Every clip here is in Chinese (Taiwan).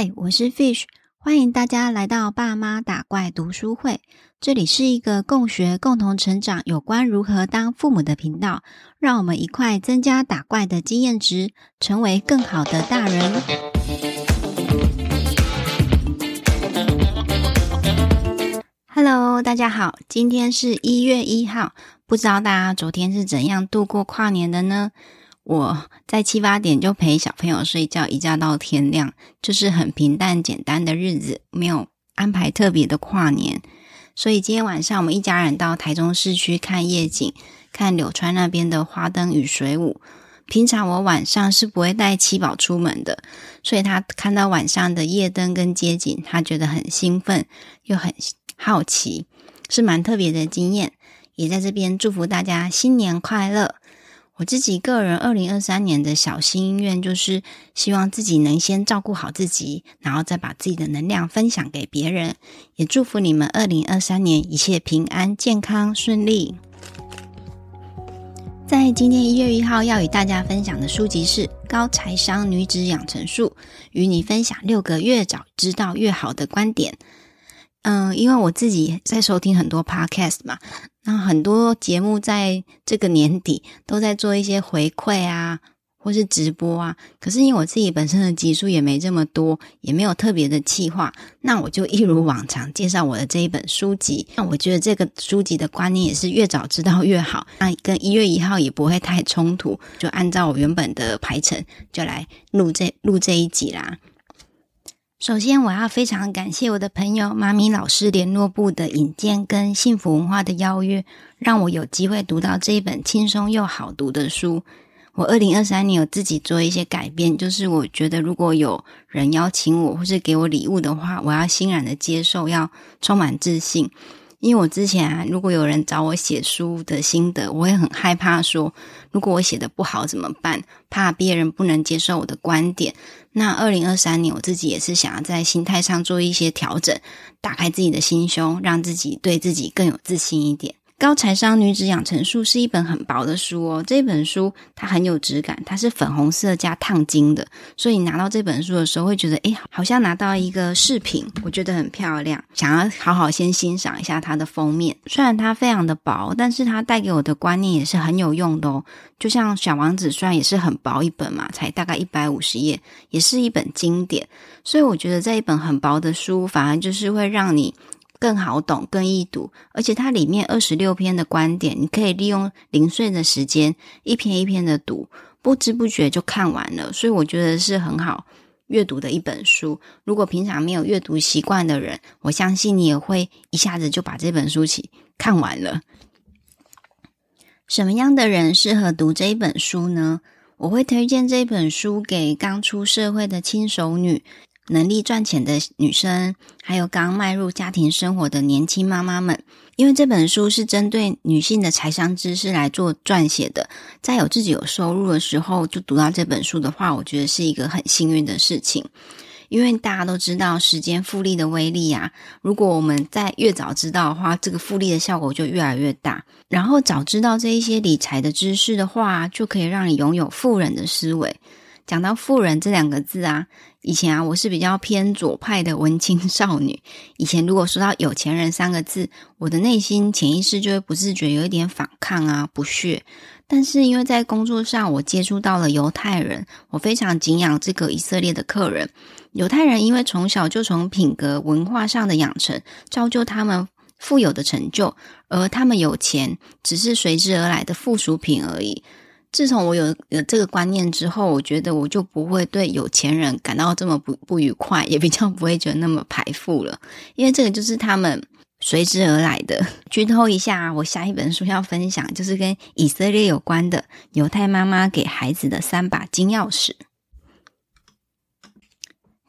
嗨，我是 Fish，歡迎大家來到爸媽打怪讀書會。這裡是一個共學、共同成長有關如何當父母的頻道，讓我們一塊增加打怪的經驗值，成為更好的大人。Hello，大家好，今天是一月一號，不知道大家昨天是怎樣度過跨年的呢？我在七八點就陪小朋友睡覺，一覺到天亮，就是很平淡簡單的日子，沒有安排特別的跨年。所以今天晚上我們一家人到台中市區看夜景，看柳川那邊的花燈與水舞。平常我晚上是不會帶七寶出門的，所以他看到晚上的夜燈跟街景，他覺得很興奮又很好奇，是蠻特別的經驗。也在這邊祝福大家新年快樂。我自己個人二零二三年的小心願，就是希望自己能先照顧好自己，然後再把自己的能量分享給別人。也祝福你們二零二三年一切平安、健康、順利。在今天一月一號要與大家分享的書籍是《高財商女子養成術》，與你分享六個越早知道越好的觀點。嗯，因為我自己在收聽很多 podcast 嘛，那很多節目在這個年底都在做一些回饋啊，或是直播啊。可是因為我自己本身的集數也沒這麼多，也沒有特別的企劃，那我就一如往常介紹我的這一本書籍。那我覺得這個書籍的觀念也是越早知道越好，那跟一月一號也不會太衝突，就按照我原本的排程就來錄這錄這一集啦。首先，我要非常感謝我的朋友媽咪老師聯絡部的引薦跟幸福文化的邀約，讓我有機會讀到這一本輕鬆又好讀的書。我二零二三年有自己做一些改變，就是我覺得如果有人邀請我或是給我禮物的話，我要欣然的接受，要充滿自信。因為我之前啊，如果有人找我寫書的心得，我會很害怕說，如果我寫的不好怎麼辦？怕別人不能接受我的觀點。那二零二三年，我自己也是想要在心態上做一些調整，打開自己的心胸，讓自己對自己更有自信一點。高財商女子養成術是一本很薄的書哦，這本書它很有質感，它是粉紅色加燙金的，所以你拿到這本書的時候會覺得，哎，好像拿到一個飾品，我覺得很漂亮，想要好好先欣賞一下它的封面。雖然它非常的薄，但是它帶給我的觀念也是很有用的哦。就像小王子，雖然也是很薄一本嘛，才大概一百五十頁，也是一本經典，所以我覺得這一本很薄的書，反而就是會讓你。更好懂、更易讀，而且它裡面二十六篇的觀點，你可以利用零碎的時間一篇一篇的讀，不知不覺就看完了。所以我覺得是很好閱讀的一本書。如果平常沒有閱讀習慣的人，我相信你也會一下子就把這本書起看完了。什麼樣的人適合讀這一本書呢？我會推薦這本書給剛出社會的輕熟女。能力賺錢的女生，還有剛邁入家庭生活的年輕媽媽們，因為這本書是針對女性的財商知識來做撰寫的。在有自己有收入的時候就讀到這本書的話，我覺得是一個很幸運的事情。因為大家都知道時間複利的威力呀，如果我們在越早知道的話，這個複利的效果就越來越大。然後早知道這一些理財的知識的話，就可以讓你擁有富人的思維。講到富人這兩個字啊，以前啊，我是比較偏左派的文青少女。以前如果說到有錢人三個字，我的內心潛意識就會不自覺有一點反抗啊，不屑。但是因為在工作上我接觸到了猶太人，我非常敬仰這個以色列的客人。猶太人因為從小就從品格文化上的養成，造就他們富有的成就，而他們有錢只是隨之而來的附屬品而已。自從我有有這個觀念之後，我覺得我就不會對有錢人感到這麼不不愉快，也比較不會覺得那麼排富了。因爲這個就是他們隨之而來的。劇透一下啊，我下一本書要分享就是跟以色列有關的《猶太媽媽給孩子的三把金鑰匙》。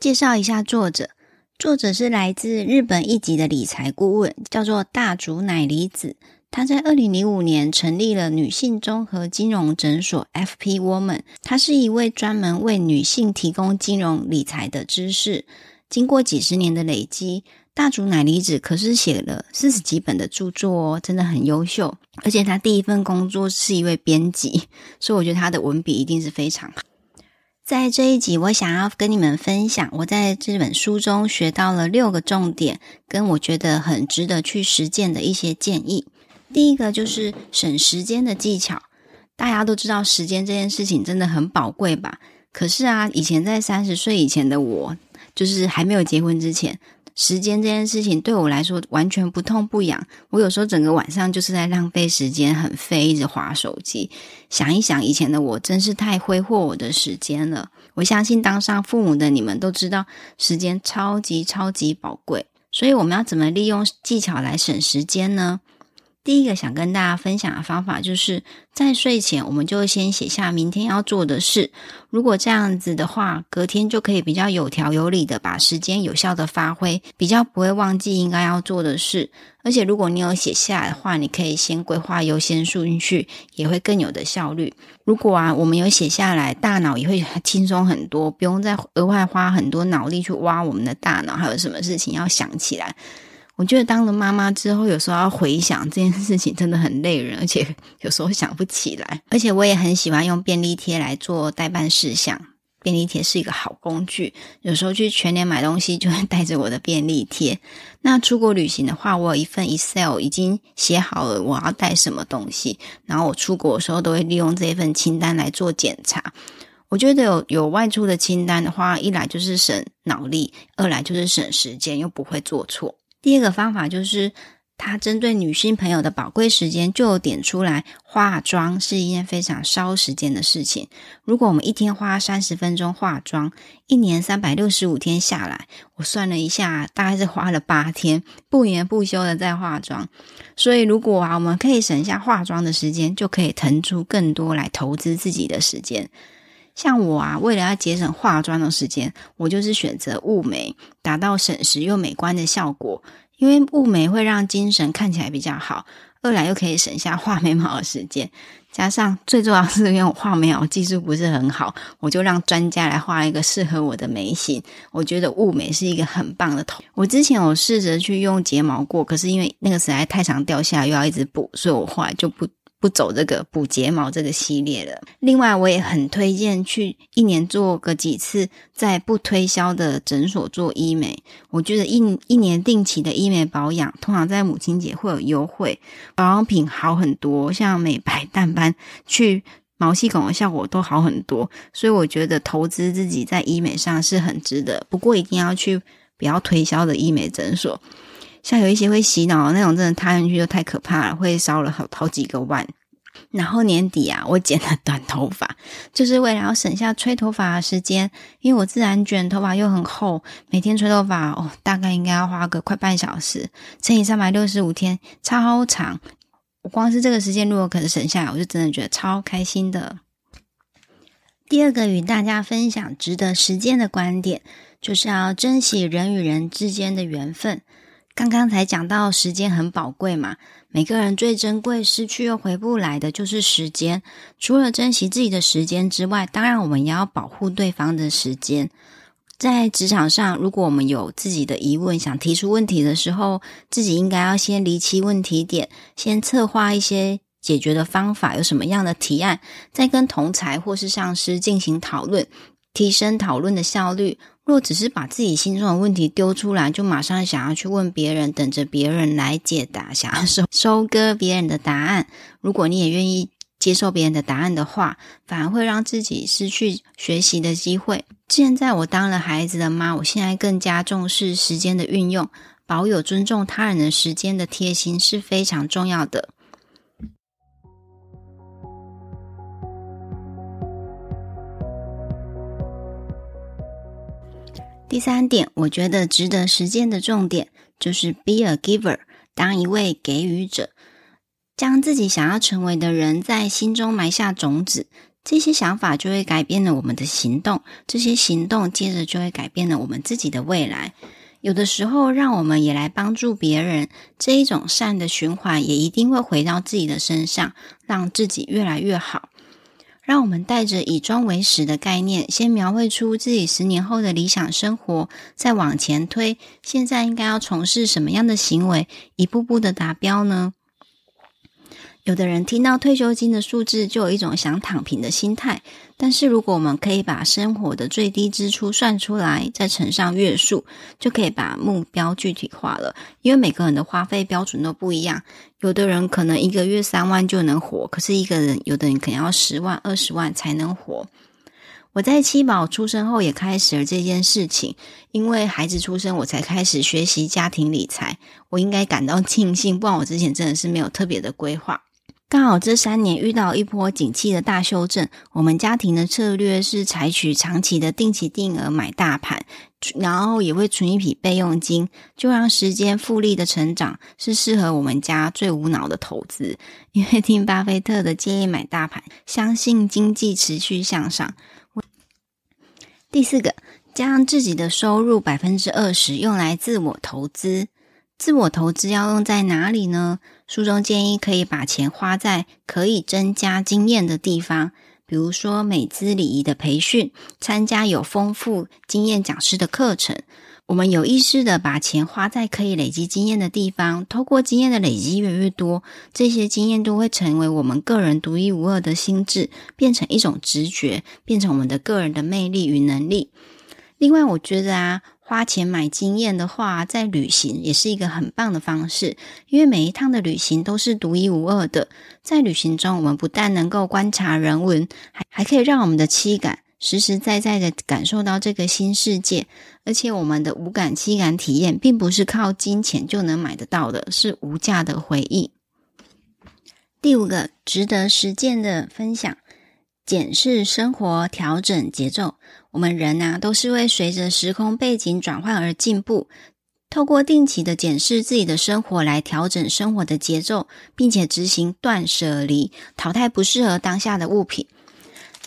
介紹一下作者，作者是來自日本一級的理財顧問，叫做大竹乃里子。她在二零零五年成立了女性綜合金融診所 FP Woman。她是一位專門為女性提供金融理財的知識。經過幾十年的累積，大竹乃梨子可是寫了四十幾本的著作哦，真的很優秀。而且她第一份工作是一位編輯，所以我覺得她的文筆一定是非常好。在這一集，我想要跟你們分享我在這本書中學到了六個重點，跟我覺得很值得去實踐的一些建議。第一個就是省時間的技巧。大家都知道時間這件事情真的很寶貴吧？可是啊，以前在三十歲以前的我，就是還沒有結婚之前，時間這件事情對我來說完全不痛不癢。我有時候整個晚上就是在浪費時間，很廢，一直滑手機。想一想以前的我，真是太揮霍我的時間了。我相信當上父母的你們都知道，時間超級超級寶貴。所以我們要怎麼利用技巧來省時間呢？第一個想跟大家分享的方法，就是在睡前我們就先寫下明天要做的事。如果這樣子的話，隔天就可以比較有條有理的把時間有效的發揮，比較不會忘記應該要做的事。而且如果你有寫下來的話，你可以先規劃優先順序，也會更有的效率。如果啊，我們有寫下來，大腦也會輕鬆很多，不用再額外花很多腦力去挖我們的大腦，還有什麼事情要想起來。我覺得當了媽媽之後，有時候要回想這件事情真的很累人，而且有時候想不起來。而且我也很喜歡用便利貼來做代辦事項，便利貼是一個好工具。有時候去全聯買東西，就會帶着我的便利貼。那出國旅行的話，我有一份 Excel 已經寫好了我要帶什麼東西，然後我出國的時候都會利用這份清單來做檢查。我覺得有有外出的清單的話，一來就是省腦力，二來就是省時間，又不會做錯。第二個方法就是，他針對女性朋友的寶貴時間，就點出來化妝是一件非常燒時間的事情。如果我們一天花三十分鐘化妝，一年三百六十五天下來，我算了一下，大概是花了八天不眠不休的在化妝。所以，如果啊，我們可以省下化妝的時間，就可以騰出更多來投資自己的時間。像我啊，為了要節省化妝的時間，我就是選擇霧眉，達到省時又美觀的效果。因為霧眉會讓精神看起來比較好，二來又可以省下畫眉毛的時間。加上最重要的是因為我畫眉毛技術不是很好，我就讓專家來畫一個適合我的眉型。我覺得霧眉是一個很棒的頭。我之前有試着去用睫毛過，可是因為那個實在太長，掉下來又要一直補，所以我後來就不。不走這個補睫毛這個系列了。另外，我也很推薦去一年做個幾次，在不推銷的診所做醫美。我覺得一一年定期的醫美保養，通常在母親節會有優惠，保養品好很多，像美白淡斑、去毛細孔的效果都好很多。所以，我覺得投資自己在醫美上是很值得。不過，一定要去不要推銷的醫美診所。像有一些會洗腦那種，真的踏進去就太可怕了，會燒了好好幾個萬。然後年底啊，我剪了短頭髮，就是為了要省下吹頭髮的時間，因為我自然卷頭髮又很厚，每天吹頭髮哦，大概應該要花個快半小時，乘以三百六十五天，超長。我光是這個時間，如果可以省下來，我就真的覺得超開心的。第二個與大家分享值得時間的觀點，就是要珍惜人與人之間的緣分。剛剛才講到時間很寶貴嘛，每個人最珍貴、失去又回不來的就是時間。除了珍惜自己的時間之外，當然我們也要保護對方的時間。在職場上，如果我們有自己的疑問，想提出問題的時候，自己應該要先釐清問題點，先策劃一些解決的方法，有什麼樣的提案，再跟同才或是上司進行討論，提升討論的效率。若只是把自己心中的問題丟出來，就馬上想要去問別人，等着別人來解答，想要收收割別人的答案。如果你也願意接受別人的答案的話，反而會讓自己失去學習的機會。現在我當了孩子的媽，我現在更加重視時間的運用，保有尊重他人的時間的貼心是非常重要的。第三點，我覺得值得實踐的重點就是 be a giver，當一位給予者，將自己想要成為的人在心中埋下種子，這些想法就會改變了我們的行動，這些行動接着就會改變了我們自己的未來。有的時候，讓我們也來幫助別人，這一種善的循環也一定會回到自己的身上，讓自己越來越好。讓我們帶着以終為始的概念，先描繪出自己十年後的理想生活，再往前推，現在應該要從事什麼樣的行為，一步步的達標呢？有的人聽到退休金的數字，就有一種想躺平的心態。但是如果我們可以把生活的最低支出算出來，再乘上月數，就可以把目標具體化了。因為每個人的花費標準都不一樣，有的人可能一個月三萬就能活，可是一個人有的人可能要十萬、二十萬才能活。我在七寶出生後也開始了這件事情，因為孩子出生，我才開始學習家庭理財。我應該感到慶幸，不然我之前真的是沒有特別的規劃。剛好這三年遇到一波景氣的大修正，我們家庭的策略是採取長期的定期定額買大盤，然後也會存一筆備用金，就讓時間複利的成長是適合我們家最無腦的投資。因為聽巴菲特的建議買大盤，相信經濟持續向上。第四個，將自己的收入百分之二十用來自我投資。自我投資要用在哪裡呢？書中建議可以把錢花在可以增加經驗的地方，比如說美姿禮儀的培訓，參加有豐富經驗講師的課程。我們有意識的把錢花在可以累積經驗的地方，透過經驗的累積越來越多，這些經驗都會成為我們個人獨一無二的心智，變成一種直覺，變成我們的個人的魅力與能力。另外，我覺得啊。花錢買經驗的話，在旅行也是一個很棒的方式，因為每一趟的旅行都是獨一無二的。在旅行中，我們不但能夠觀察人文，還還可以讓我們的七感實實在在在的感受到這個新世界。而且，我們的五感七感體驗並不是靠金錢就能買得到的，是無價的回憶。第五個值得實踐的分享：檢視生活，調整節奏。我們人呢、啊，都是會隨着時空背景轉換而進步，透過定期的檢視自己的生活來調整生活的節奏，並且執行斷捨離，淘汰不適合當下的物品。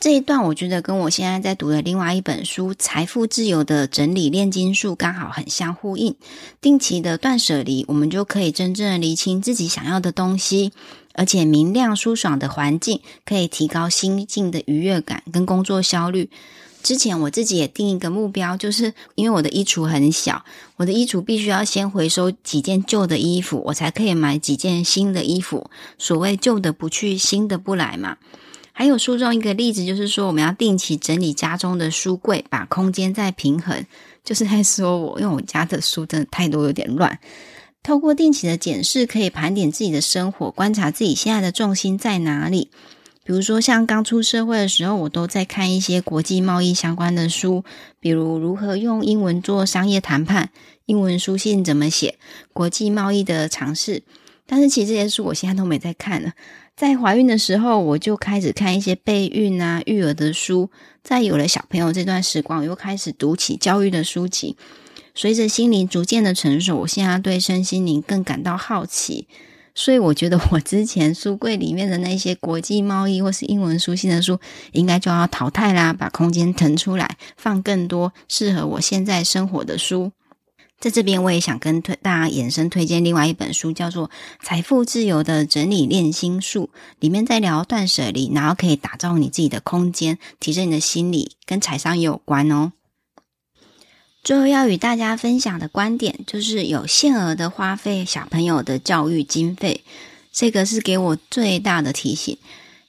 這一段我覺得跟我現在在讀的另外一本書《財富自由的整理煉金術》剛好很相呼應。定期的斷捨離，我們就可以真正的釐清自己想要的東西，而且明亮舒爽的環境可以提高心境的愉悅感跟工作效率。之前我自己也定一個目標，就是因為我的衣櫥很小，我的衣櫥必須要先回收幾件舊的衣服，我才可以買幾件新的衣服。所謂舊的不去，新的不來嘛。還有書中一個例子，就是說我們要定期整理家中的書櫃，把空間再平衡。就是在說我，因為我家的書真的太多，有點亂。透過定期的檢視，可以盤點自己的生活，觀察自己現在的重心在哪裡。比如說，像剛出社會的時候，我都在看一些國際貿易相關的書，比如如何用英文做商業談判、英文書信怎麼寫、國際貿易的嘗試。但是，其實這些書我現在都沒在看了。在懷孕的時候，我就開始看一些備孕啊、育兒的書。在有了小朋友這段時光，我又開始讀起教育的書籍。隨着心靈逐漸的成熟，我現在對身心靈更感到好奇。所以我覺得，我之前書櫃裡面的那些國際貿易或是英文書信的書，應該就要淘汰啦，把空間騰出來，放更多適合我現在生活的書。在這邊，我也想跟推大家衍生推薦另外一本書，叫做《財富自由的整理鍊心術》，裡面在聊斷捨離，然後可以打造你自己的空間，提升你的心理，跟財商也有關哦。最後要與大家分享的觀點，就是有限額的花費小朋友的教育經費，這個是給我最大的提醒。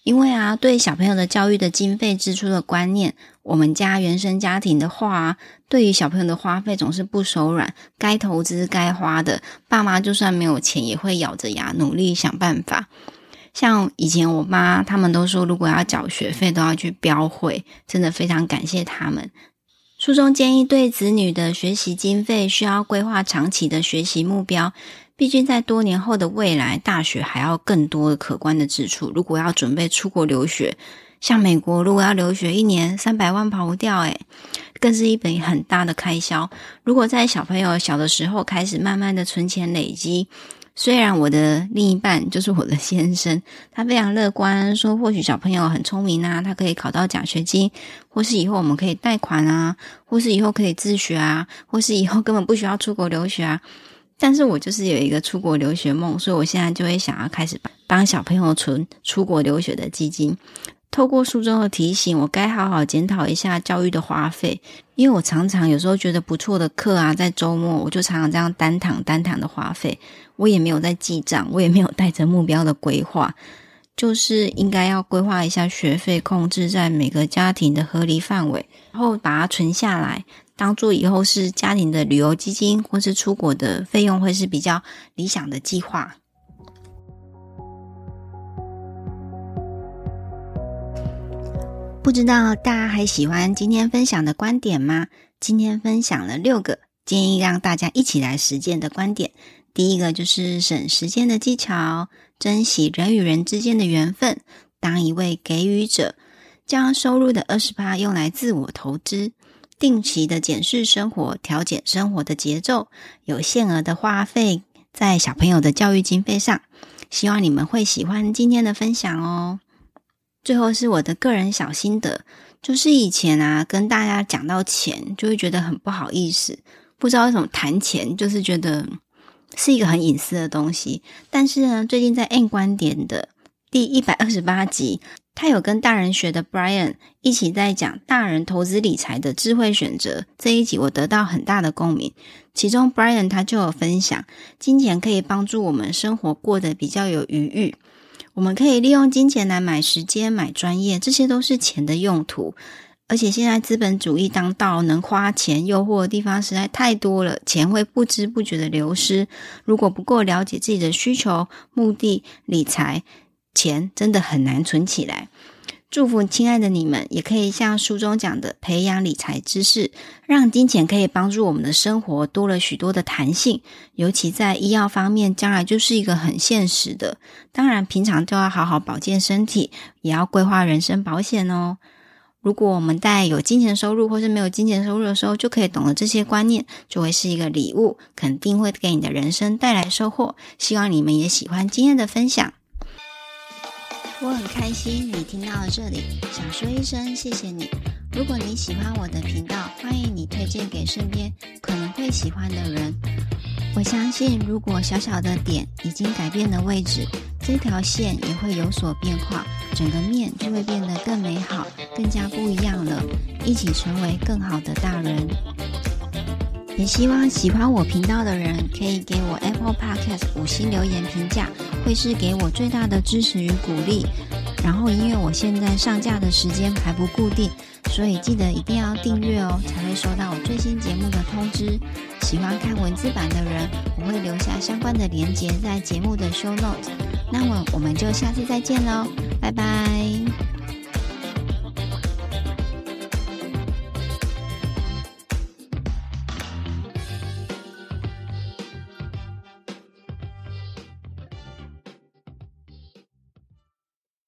因為啊，對小朋友的教育的經費支出的觀念，我們家原生家庭的話，對於小朋友的花費總是不手軟，該投資該花的，爸媽就算沒有錢，也會咬着牙努力想辦法。像以前我媽他們都說，如果要繳學費，都要去標會，真的非常感謝他們。書中建議對子女的學習經費需要規劃長期的學習目標，畢竟在多年後的未來，大學還要更多的可觀的支出。如果要準備出國留學，像美國，如果要留學一年三百萬跑不掉、欸，哎，更是一筆很大的開銷。如果在小朋友小的時候開始慢慢的存錢累積。雖然我的另一半就是我的先生，他非常樂觀，說或許小朋友很聰明啊，他可以考到獎學金，或是以後我們可以貸款啊，或是以後可以自學啊，或是以後根本不需要出國留學啊。但是我就是有一個出國留學夢，所以我現在就會想要開始幫小朋友存出國留學的基金。透過書中的提醒，我該好好檢討一下教育的花費，因為我常常有時候覺得不錯的課啊，在周末我就常常這樣單堂單堂的花費。我也沒有在記賬，我也沒有帶着目標的規劃，就是應該要規劃一下學費，控制在每個家庭的合理範圍，然後把它存下來，當做以後是家庭的旅遊基金或是出國的費用，會是比較理想的計劃。不知道大家還喜歡今天分享的觀點嗎？今天分享了六個建議，讓大家一起來實踐的觀點。第一個就是省時間的技巧、珍惜人與人之間的緣分、當一位給予者、將收入的20%用來自我投資、定期的檢視生活、調節生活的節奏、有限額的花費在小朋友的教育經費上。希望你們會喜歡今天的分享哦。最後是我的個人小心得，就是以前啊跟大家講到錢，就會覺得很不好意思，不知道怎麼談錢，就是覺得。是一個很隱私的東西，但是呢，最近在《M 觀點》的第一百二十八集，他有跟大人學的 Bryan 一起在講大人投資理財的智慧選擇這一集，我得到很大的共鳴。其中，Bryan 他就有分享，金錢可以幫助我們生活過得比較有餘裕，我們可以利用金錢來買時間、買專業，這些都是錢的用途。而且現在資本主義當道，能花錢誘惑的地方實在太多了，錢會不知不覺的流失。如果不夠了解自己的需求、目的、理財，錢真的很難存起來。祝福親愛的你們，也可以像書中講的，培養理財知識，讓金錢可以幫助我們的生活多了許多的彈性。尤其在醫藥方面，將來就是一個很現實的。當然，平常都要好好保健身體，也要規劃人身保險哦。如果我們在有金錢收入或是沒有金錢收入的時候，就可以懂得這些觀念，作為是一個禮物，肯定會給你的人生帶來收穫。希望你們也喜歡今天的分享。我很開心你聽到了這裡，想說一聲謝謝你。如果你喜歡我的頻道，歡迎你推薦給身邊可能會喜歡的人。我相信，如果小小的點已經改變了位置，這條線也會有所變化。整個面就會變得更美好，更加不一樣了。一起成為更好的大人。也希望喜歡我頻道的人可以給我 Apple Podcast 五星留言評價，會是給我最大的支持與鼓勵。然後，因為我現在上架的時間還不固定，所以記得一定要訂閱哦，才會收到我最新節目的通知。喜歡看文字版的人，我會留下相關的鏈接在節目的 Show Note。那麼，我們就下次再見嘍。拜拜。